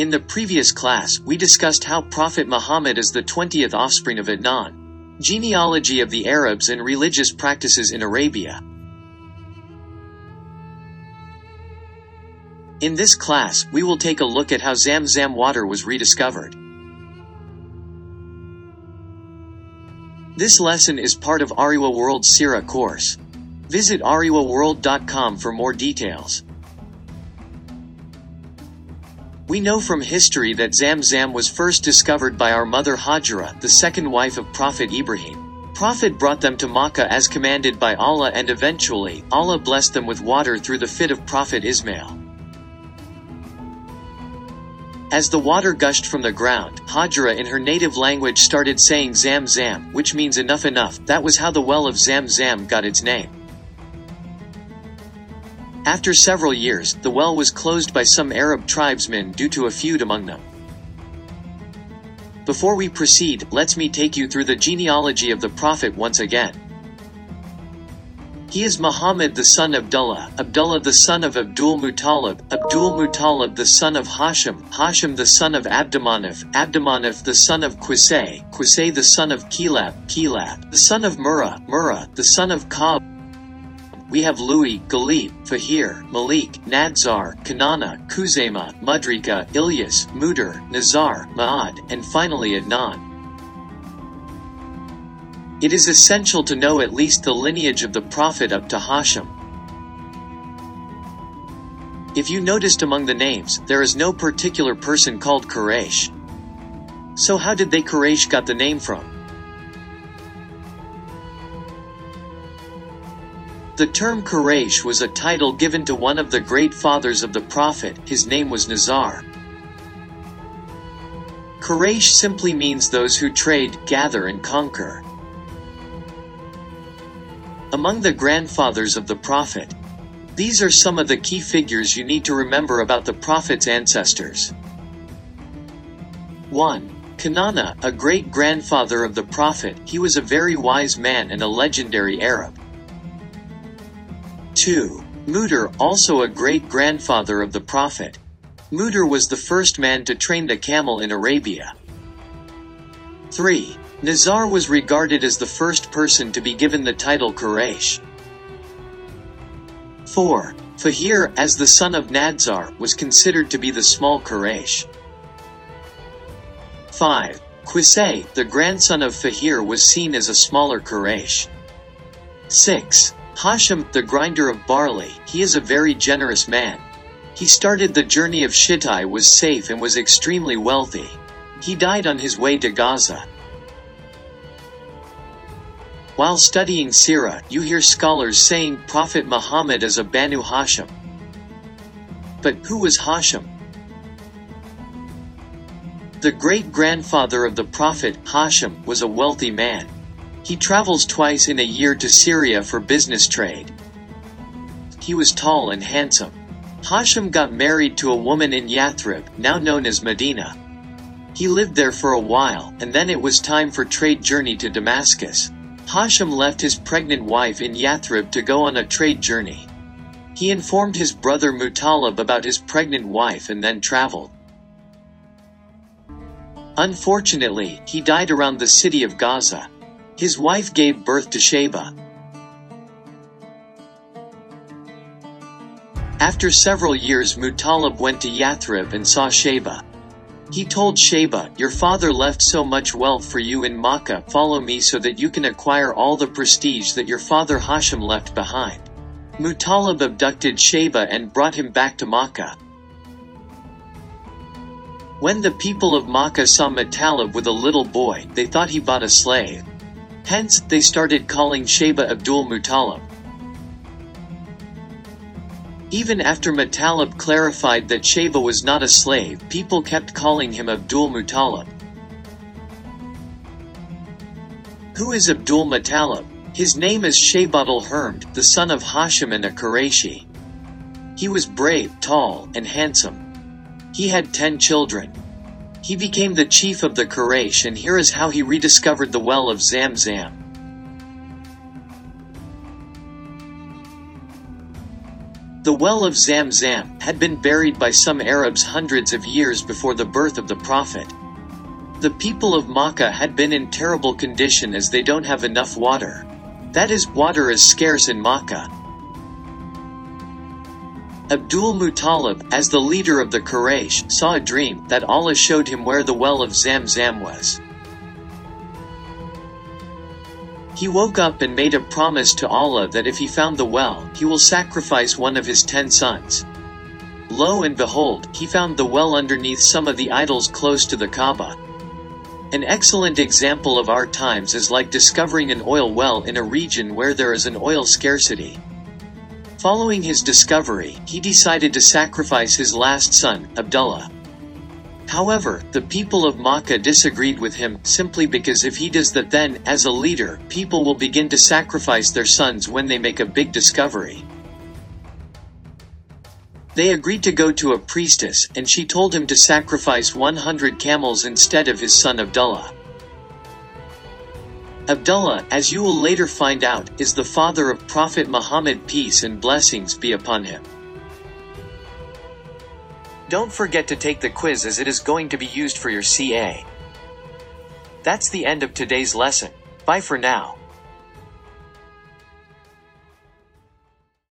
In the previous class, we discussed how Prophet Muhammad is the 20th offspring of Adnan. Genealogy of the Arabs and religious practices in Arabia. In this class, we will take a look at how Zamzam water was rediscovered. This lesson is part of Ariwa World Sira course. Visit ariwaworld.com for more details. We know from history that Zamzam was first discovered by our mother Hajra, the second wife of Prophet Ibrahim. Prophet brought them to Makkah as commanded by Allah and eventually, Allah blessed them with water through the fit of Prophet Ismail. As the water gushed from the ground, Hajra in her native language started saying Zam Zam, which means enough enough, that was how the well of Zam Zam got its name. After several years, the well was closed by some Arab tribesmen due to a feud among them. Before we proceed, let us me take you through the genealogy of the Prophet once again. He is Muhammad the son of Abdullah, Abdullah the son of Abdul Muttalib, Abdul Muttalib the son of Hashim, Hashim the son of Abdamanaf, Abdamanaf the son of Qusay, Qusay the son of Kilab, Kilab, the son of Murrah, Murrah, the son of Kab, we have Louis, Galib, Fahir, Malik, Nadzar, Kanana, Kuzema, Mudrika, Ilyas, Mudur, Nazar, Maad, and finally Adnan. It is essential to know at least the lineage of the prophet up to Hashem. If you noticed among the names, there is no particular person called Quraysh. So how did they Quraysh got the name from? The term Quraysh was a title given to one of the great fathers of the Prophet, his name was Nazar. Quraysh simply means those who trade, gather and conquer. Among the grandfathers of the Prophet, these are some of the key figures you need to remember about the Prophet's ancestors. 1. Kanana, a great-grandfather of the Prophet, he was a very wise man and a legendary Arab. 2. Mudir, also a great-grandfather of the Prophet. Mudir was the first man to train the camel in Arabia. 3. Nizar was regarded as the first person to be given the title Quraysh. 4. Fahir, as the son of Nadzar, was considered to be the small Quraysh. 5. Qusay, the grandson of Fahir was seen as a smaller Quraysh. 6. Hashem, the grinder of barley, he is a very generous man. He started the journey of Shittai was safe and was extremely wealthy. He died on his way to Gaza. While studying Sirah, you hear scholars saying Prophet Muhammad is a Banu Hashem. But who was Hashem? The great-grandfather of the Prophet, Hashem, was a wealthy man. He travels twice in a year to Syria for business trade. He was tall and handsome. Hashem got married to a woman in Yathrib, now known as Medina. He lived there for a while, and then it was time for trade journey to Damascus. Hashem left his pregnant wife in Yathrib to go on a trade journey. He informed his brother Mutalib about his pregnant wife and then traveled. Unfortunately, he died around the city of Gaza. His wife gave birth to Sheba. After several years Mutalib went to Yathrib and saw Sheba. He told Sheba, Your father left so much wealth for you in Makkah, follow me so that you can acquire all the prestige that your father Hashem left behind. Mutalib abducted Sheba and brought him back to Makkah. When the people of Makkah saw Mutalib with a little boy, they thought he bought a slave. Hence, they started calling Sheba Abdul Muttalib. Even after Muttalib clarified that Sheba was not a slave, people kept calling him Abdul Muttalib. Who is Abdul Muttalib? His name is Al Hermd, the son of Hashim and a Kureishi. He was brave, tall, and handsome. He had ten children. He became the chief of the Quraysh and here is how he rediscovered the well of Zamzam. The well of Zamzam had been buried by some Arabs hundreds of years before the birth of the Prophet. The people of Makkah had been in terrible condition as they don't have enough water. That is, water is scarce in Makkah. Abdul Muttalib, as the leader of the Quraysh, saw a dream that Allah showed him where the well of Zamzam was. He woke up and made a promise to Allah that if he found the well, he will sacrifice one of his ten sons. Lo and behold, he found the well underneath some of the idols close to the Kaaba. An excellent example of our times is like discovering an oil well in a region where there is an oil scarcity. Following his discovery, he decided to sacrifice his last son, Abdullah. However, the people of Makkah disagreed with him, simply because if he does that then, as a leader, people will begin to sacrifice their sons when they make a big discovery. They agreed to go to a priestess, and she told him to sacrifice 100 camels instead of his son Abdullah. Abdullah, as you will later find out, is the father of Prophet Muhammad peace and blessings be upon him. Don't forget to take the quiz as it is going to be used for your CA. That's the end of today's lesson. Bye for now.